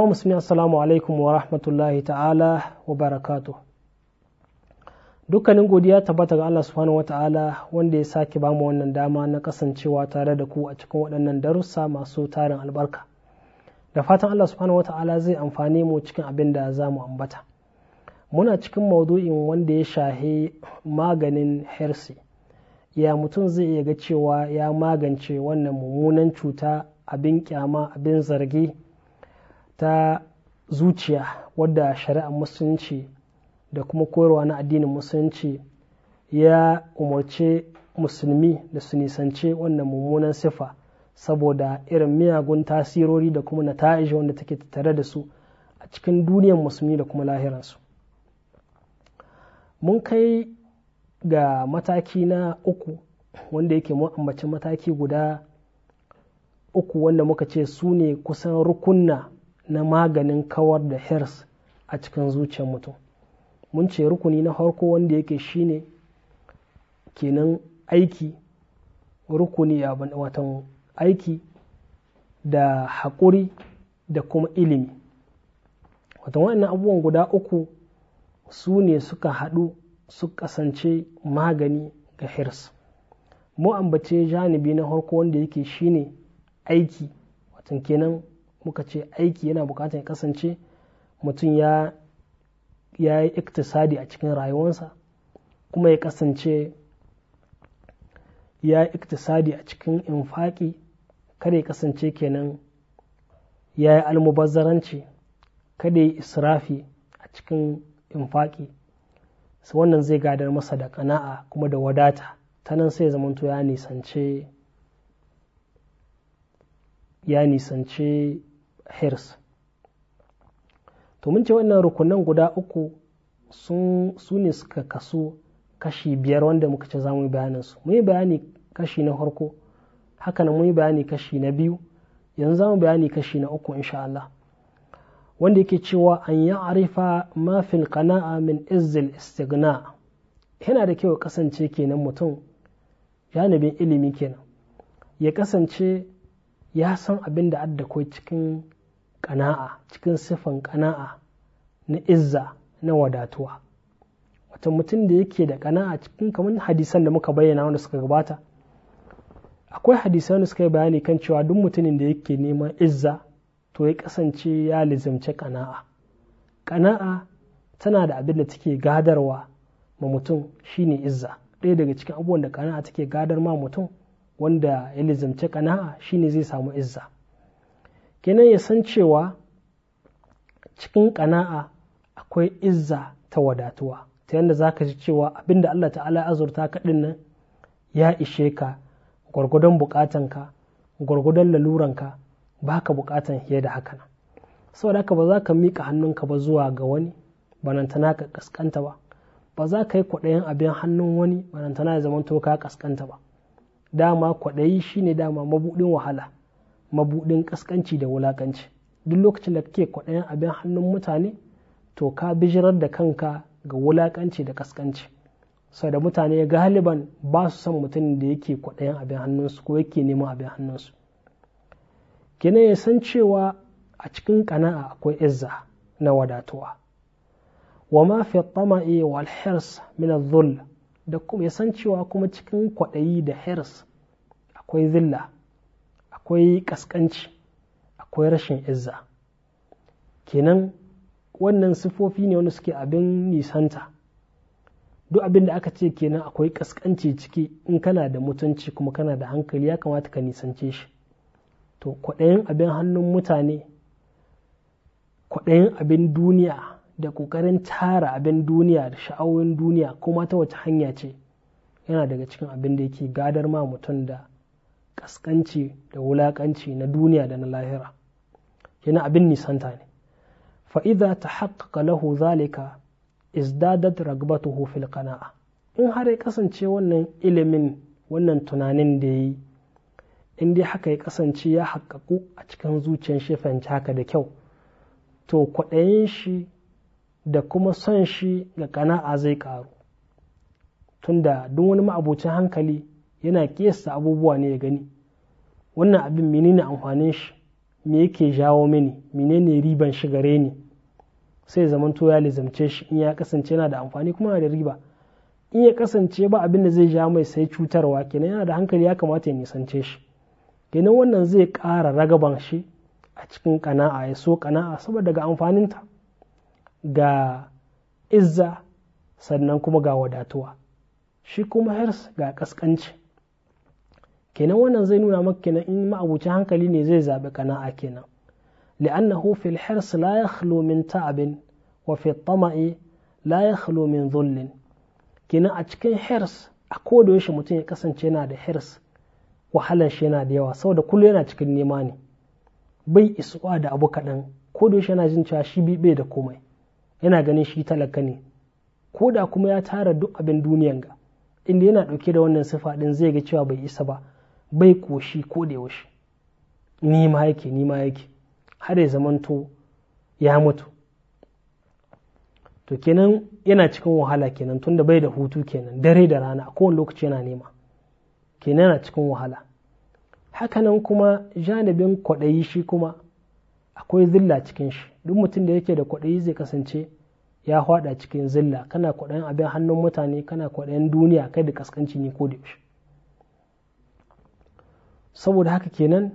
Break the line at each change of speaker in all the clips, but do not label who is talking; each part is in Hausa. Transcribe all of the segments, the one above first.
wa musulmi assalamu alaikum wa rahmatullahi ta'ala wa barakatu dukkanin godiya tabbata ga Allah subhanahu wata'ala wanda ya sake ba mu wannan dama na kasancewa tare da ku a cikin waɗannan darussa masu tarin albarka da fatan Allah subhanahu wata'ala zai amfani mu cikin abin da za mu ambata muna cikin maudu'in wanda ya shahe maganin hersi ya mutum zai iya ga cewa ya magance wannan mummunan cuta abin kyama abin zargi ta zuciya wadda shari'ar musulunci da kuma koyarwa na addinin musulunci ya umarce musulmi da su nisance wannan mummunan sifa saboda irin miyagun tasirori da kuma nata'ija wanda take tare da su a cikin duniyar musulmi da kuma lahiransu mun kai ga mataki na uku wanda yake mun mataki guda uku wanda muka ce su ne kusan rukunna na maganin kawar da hers a cikin zuciyar mutum mun ce rukuni na farko wanda yake shine kenan aiki rukuni a watan aiki da haƙuri da kuma ilimi watan wani abubuwan guda uku su ne suka haɗu su kasance magani ga hirs mu ambace janibi na harko wanda yake shine aiki watan kenan muka ce aiki yana bukatar ya kasance mutum ya yi iktisadi a cikin rayuwarsa kuma ya kasance ya yi iktisadi a cikin infaki kada ya kasance kenan ya yi almubazzaranci kada ya yi israfi a cikin infaki su wannan zai gadar masa da kana'a kuma da wadata ta nan sai zamanto ya nisance ya nisance hirs to mun ce wannan rukunan guda uku su ne suka kasu kashi biyar wanda muka ce za mu yi bayaninsu mun yi bayani kashi na farko haka nan mun yi bayani kashi na biyu yanzu za mu bayani kashi na uku insha Allah wanda yake cewa an ya arifa mafil qana'a min izzil istigna yana da kyau kasance kenan mutum janibin ilimi kenan ya kasance ya san abin da adda cikin ƙana'a cikin siffan ƙana'a na izza na wadatuwa wata mutum da yake da ƙana'a cikin kamar hadisan da muka bayyana wanda suka gabata akwai hadisan da suka yi bayani kan cewa duk mutumin da yake neman izza to ya kasance ya lizimce ƙana'a ƙana'a tana da abin da take gadarwa ma mutum shine izza ɗaya daga cikin abubuwan da ƙana'a take gadar ma mutum wanda ya lizimce ƙana'a shine zai samu izza kenan ya san cewa cikin kana'a akwai izza ta wadatuwa ta yadda za ka ji cewa abinda Allah ta'ala ya azurta ka nan ya ishe ka gwargwadon bukatanka gwargwadon laluranka ba ka bukatan fiye da hakan saboda haka ba za ka miƙa hannunka ba zuwa ga wani banantana ka kaskanta ba ba za ka yi kwaɗayin abin hannun wani banantana ya zama to ka kaskanta ba dama kwaɗayi shine dama mabuɗin wahala mabuɗin ƙasƙanci da wulaƙanci duk lokacin da kake kwaɗayan abin hannun mutane to ka bijirar da kanka ga wulaƙanci da ƙasƙanci sau da mutane galiban ba su son mutum da yake kwaɗayan abin hannunsu ko yake neman abin hannunsu gina ya san cewa a cikin ƙana'a akwai izza na wadatuwa wa ma fi tama'i wal hirs min da kuma ya san cewa kuma cikin kwaɗayi da hirs akwai zilla akwai kaskanci akwai rashin izza kenan wannan sifofi ne wanda suke abin nisanta duk abin da aka ce kenan akwai kaskanci ciki in kana da mutunci kuma kana da hankali ya kamata ka nisance shi to kwaɗayin abin hannun mutane kwaɗayin abin duniya da ƙoƙarin tara abin duniya da sha'awun duniya kuma ta wace hanya ce yana daga cikin abin da yake gadar ma mutum da kaskanci da wulaƙanci na duniya da na lahira kina abin nisanta ne fa'iza ta haƙaƙa lahu zalika izdadat ragbatuhu fil qana'a in har ya kasance wannan ilimin wannan tunanin da ya yi in dai haka ya kasance ya haƙaƙu a cikin zuciyar shi haka da kyau to kwaɗayin shi da kuma son shi ga kana'a zai ƙaru tunda duk wani ma'abocin hankali yana ƙiyasta abubuwa ne ya gani wannan abin menene amfanin shi me yake jawo mini menene riban shi gare ni sai zamanto ya lizamce shi in ya kasance yana da amfani kuma yana da riba in ya kasance ba abin da zai ja mai sai cutarwa kenan yana da hankali ya kamata ya nisance shi kenan wannan zai ƙara ragaban shi a cikin kana'a ya so kana'a saboda ga amfaninta ga izza sannan kuma ga wadatuwa shi kuma hirs ga kaskanci kenan wannan zai nuna maka kenan in ma'abuci hankali ne zai zaɓi kana'a kenan li'annahu fil hirs la yakhlu min ta'abin wa fi tama'i la yakhlu min dhullin kenan a cikin hirs a koda yaushe mutum ya kasance yana da hirs wahalar shi yana da yawa saboda kullum yana cikin nema ne bai isuwa da abu kaɗan ko da yana jin cewa shi bai da komai yana ganin shi talaka ne ko da kuma ya tara duk abin duniyan ga inda yana ɗauke da wannan sifa ɗin zai ga cewa bai isa ba bai koshi ko da yaushe ni ma yake ni ma yake har ya zamanto ya mutu to kenan yana cikin wahala kenan tunda bai da hutu kenan dare da rana kowane lokaci yana nema kenan yana cikin wahala hakanan kuma janibin kwaɗayi shi kuma akwai zilla cikin shi duk mutum da yake da kwaɗayi zai kasance ya hwada cikin zilla kana kwaɗayin abin hannun mutane kana kwaɗayin duniya kai da kaskanci ne ko da yaushe saboda haka kenan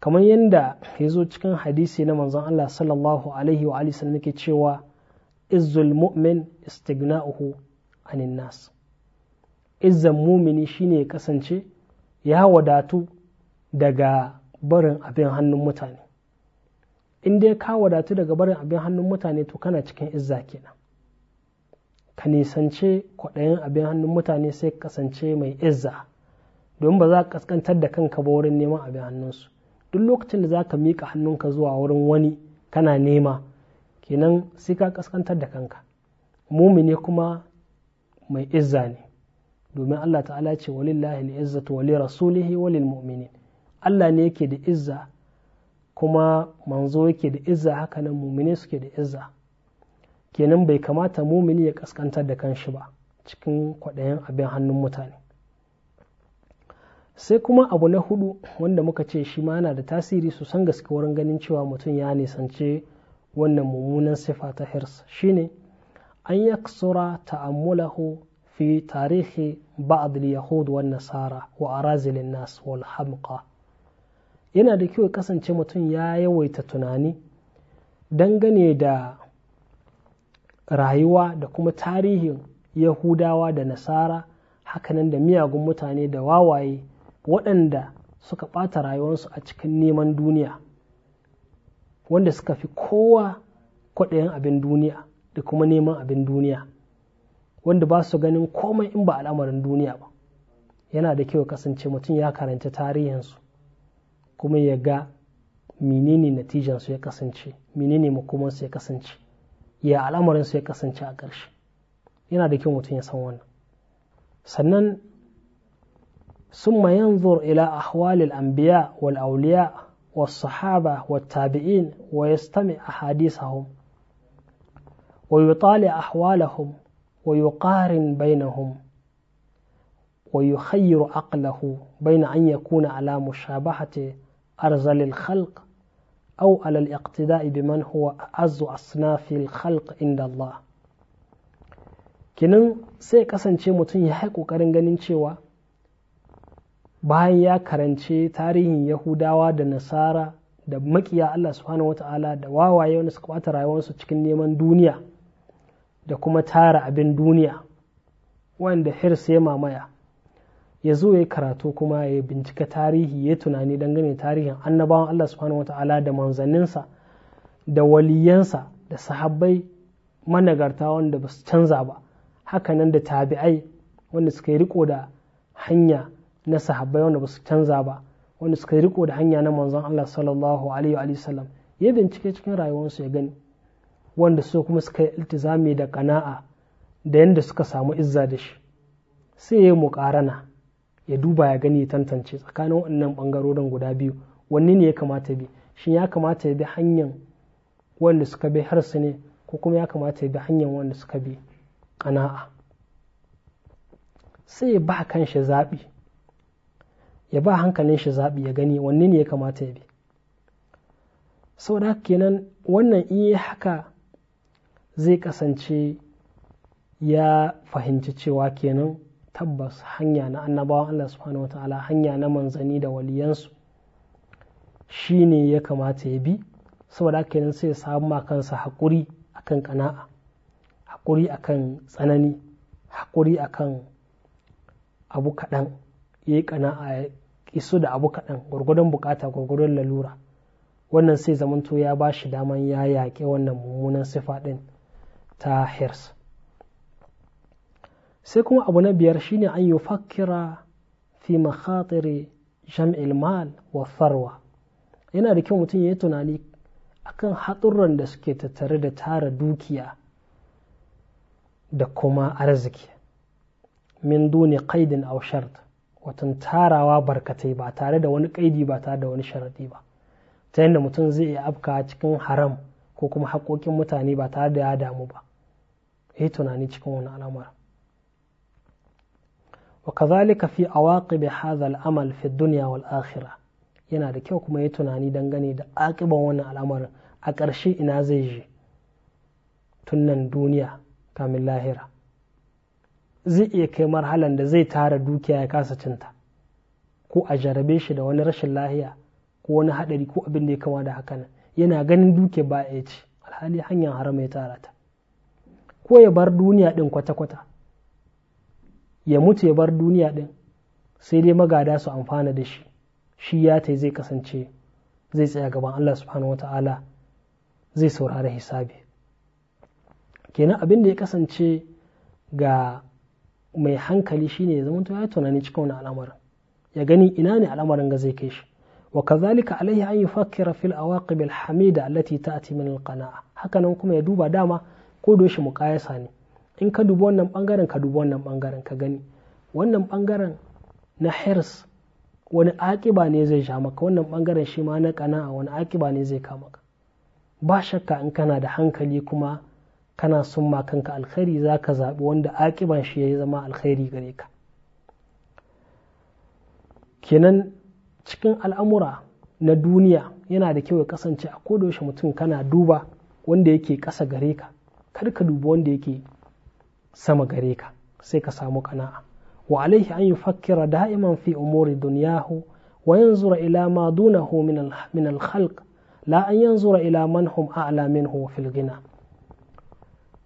kamar yadda ya zo cikin hadisi na manzon Allah sallallahu alaihi wa alihi yake cewa izzul mu'min istighna'uhu anin nas izzan mumini shine ya kasance ya wadatu daga barin abin hannun mutane in dai ka wadatu daga barin abin hannun mutane to kana cikin izza kenan ka nisance kwaɗayin abin hannun mutane sai kasance mai izza domin ba za ka kaskantar da kanka ba wurin neman abin hannunsu duk lokacin da za ka miƙa hannunka zuwa wurin wani kana nema kenan sai ka kaskantar da kanka mumini kuma mai izza ne domin Allah ta'ala ce walillahi al-izzatu wali rasulihi wa mu'minin Allah ne yake da izza kuma manzo yake da izza haka nan mumine suke da izza kenan bai kamata mumini ya kaskantar da kanshi ba cikin kwaɗayin abin hannun mutane sai kuma abu na hudu wanda muka ce shi ma yana da tasiri su san gaske wurin ganin cewa mutum ya nisance wannan mummunan sifa ta hirs shine an yaksura ta'ammulahu fi tarihi ba'd yahud wa nasara wa arazilin nas wal hamqa yana da kyau kasance mutum ya yawaita tunani dangane da rayuwa da kuma tarihin yahudawa da nasara hakanan da miyagun mutane da wawaye waɗanda suka ɓata rayuwarsu a cikin neman duniya wanda suka fi kowa kwaɗayin abin duniya da kuma neman abin duniya wanda ba su ganin komai in ba al'amarin duniya ba yana da kyau kasance mutum ya karanci tarihinsu kuma ya ga menene natijansu ya kasance menene makomansu ya kasance ya al'amarinsu ya kasance a ƙarshe yana da kyau mutum ya san wannan sannan ثم ينظر إلى أحوال الأنبياء والأولياء والصحابة والتابعين ويستمع أحاديثهم ويطالع أحوالهم ويقارن بينهم ويخير عقله بين أن يكون على مشابهة أرزل الخلق أو على الاقتداء بمن هو أعز أصناف الخلق عند الله kinin sai kasance mutum ya haƙi ƙoƙarin ganin cewa bayan ya karance tarihin yahudawa da nasara da makiya Allah subhanahu wata'ala da wawaye wanda suka bata rayuwarsu cikin neman duniya da kuma tara abin duniya wanda hirs ya mamaya ya zo ya karatu kuma ya bincika tarihi ya tunani dangane tarihin annabawan Allah subhanahu wata'ala da manzanninsa da waliyansa da sahabbai managarta wanda ba su canza ba hakanan da tabi'ai wanda suka yi riko da hanya na sahabbai wanda ba su canza ba wanda suka riko da hanya na manzon Allah sallallahu alaihi wa sallam ya bincike cikin rayuwarsu ya gani wanda su kuma suka yi iltizami da kana'a da yadda suka samu izza da shi sai ya yi muƙarana ya duba ya gani ya tantance tsakanin wannan bangarorin guda biyu wanne ne ya kamata bi shin ya kamata ya bi hanyar wanda suka bi su ne ko kuma ya kamata ya bi hanyar wanda suka bi kana'a sai ya ba kanshi zaɓi ya ba hankalin shi zaɓi ya gani wanne ne ya kamata ya bi saboda kenan wannan iya haka zai kasance ya fahimci cewa kenan tabbas hanya na annabawan Allah subhanahu wa ta'ala hanya na manzani da waliyansu shi ne ya kamata ya bi saboda kenan sai ya samu kansa haƙuri akan ƙana'a haƙuri akan tsanani haƙuri akan abu kaɗan ya yi kana'a ya kisu da abu kaɗan gwargwadon bukata gwargwadon lalura wannan sai zamanto ya ba shi daman ya yaƙe wannan mummunan sifa ɗin ta hirs sai kuma abu na biyar shine an yi fakira fi makhatiri jam'il mal wa farwa yana da kyau mutum ya yi tunani akan haɗurran da suke tattare da tara dukiya da kuma arziki min duni qaidin aw shart watan tarawa barkatai ba tare da wani kaidi ba tare da wani sharaɗi ba ta yadda mutum zai iya afka cikin haram ko kuma haƙoƙin mutane ba tare da ya damu ba yi tunani cikin wani al'amura wa kazalika fi awaqib hadha al-amal fi dunya wal akhirah yana da kyau kuma yi tunani dangane da aƙiban wannan al'amarin a ƙarshe ina zai je tun duniya kamin lahira zai iya kai marhalan da zai tara dukiya ya kasa cinta ko a jarabe shi da wani rashin lahiya ko wani haɗari ko abin da ya kama da haka nan yana ganin duke ba ya ci alhali hanyar haram ya tara ta ko ya bar duniya ɗin kwata-kwata ya mutu ya bar duniya ɗin sai dai magada su amfana da shi shi ya ta zai kasance zai tsaya gaban Allah subhanahu wata'ala zai saurara hisabi kenan abin da ya kasance ga mai hankali shine ya zama ya tunani cikin wani al'amarin ya gani ina ne al'amarin ga zai kai shi wa kazalika alaihi an yufakkira fil awaqib al hamida allati ta'ti min al qana'a nan kuma ya duba dama ko da mu muqayasa ne in ka dubi wannan bangaren ka dubi wannan bangaren ka gani wannan bangaren na hirs wani akiba ne zai sha maka wannan bangaren shi ma na kana'a wani akiba ne zai kama ka ba shakka in kana da hankali kuma kana son ma kanka alkhairi za ka zaɓi wanda aƙiban shi ya zama alkhairi gare ka kenan cikin al'amura na duniya yana da kyau ya kasance a kodayaushe mutum kana duba wanda yake ƙasa gare ka kar ka duba wanda yake sama gare ka sai ka samu kana'a wa alaihi an yufakkira da'iman fi umuri duniyahu wa zura ila ma dunahu min al la an ila man hum a'la min fil gina.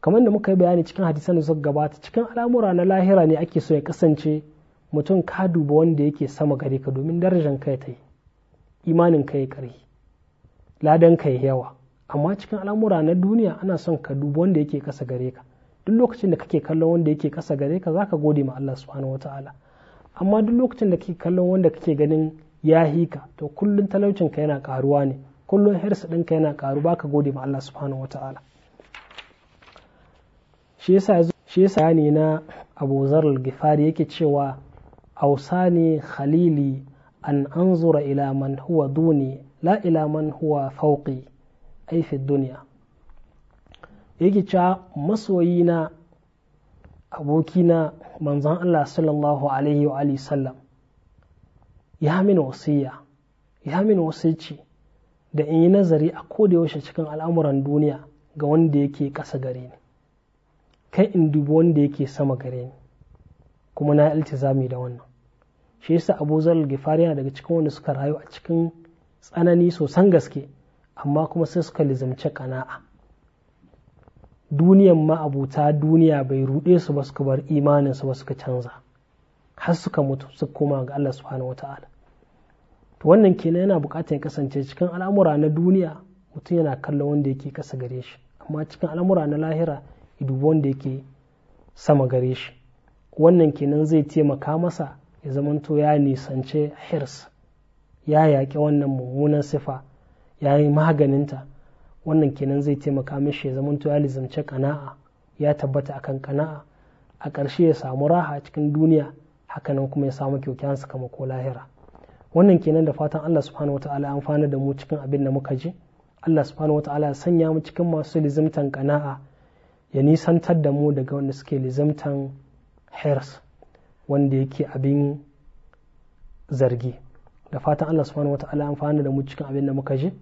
kamar da muka yi bayani cikin hadisan da suka gabata cikin al'amura na lahira ne ake so ya kasance mutum ka duba wanda yake sama gare ka domin darajar kai ta yi imanin kai ya ƙarfi ladan ka ya yawa amma cikin al'amura na duniya ana son ka duba wanda yake kasa gare ka duk lokacin da kake kallon wanda yake kasa gare ka zaka gode ma Allah subhanahu wataala amma duk lokacin da kake kallon wanda kake ganin ya hika to kullum talaucin ka yana karuwa ne kullun hirsa ɗinka yana karu baka gode ma Allah subhanahu wataala shi yasa shi yasa ne na Abu Zar al yake cewa awsani khalili an anzura ila man huwa duni la ila man huwa fawqi ay fi dunya yake cewa masoyina abokina manzon Allah sallallahu alaihi wa alihi sallam ya min wasiya ya min wasici da in yi nazari a koda yaushe cikin al'amuran duniya ga wanda yake ƙasa gare ni kai in dubi wanda yake sama gare ni kuma na iltizami da wannan shi yasa Abu zarar Gifari yana daga cikin wanda suka rayu a cikin tsanani sosan gaske amma kuma sai suka lizamci kana'a duniyan ma abuta duniya bai ruɗe su ba suka bar imanin su ba suka canza har suka mutu su koma ga Allah subhanahu wata'ala to wannan kenan yana buƙatar ya kasance cikin al'amura na duniya mutum yana kallon wanda yake kasa gare shi amma cikin al'amura na lahira duk wanda yake sama gare shi wannan kenan zai taimaka masa ya zamanto ya nisance hirs ya yaƙi wannan mummunan sifa ya yi maganinta wannan kenan zai taimaka mishi ya zamanto ya lizance kana'a ya tabbata akan kana'a a ƙarshe ya samu raha a cikin duniya hakanan kuma ya samu kyaukyan ko lahira wannan kenan da fatan Allah subhanahu wataala amfana da mu cikin abin da muka ji Allah subhanahu wataala ya sanya mu cikin masu lizimtan kana'a ya nisantar da mu daga wanda suke lizamtan hers wanda yake abin zargi da fatan Allah subhanahu wata'ala amfani da mu cikin abin da muka ji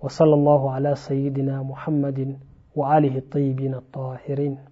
wa sallallahu ala sayyidina muhammadin wa alihi tayyibin at-tahirin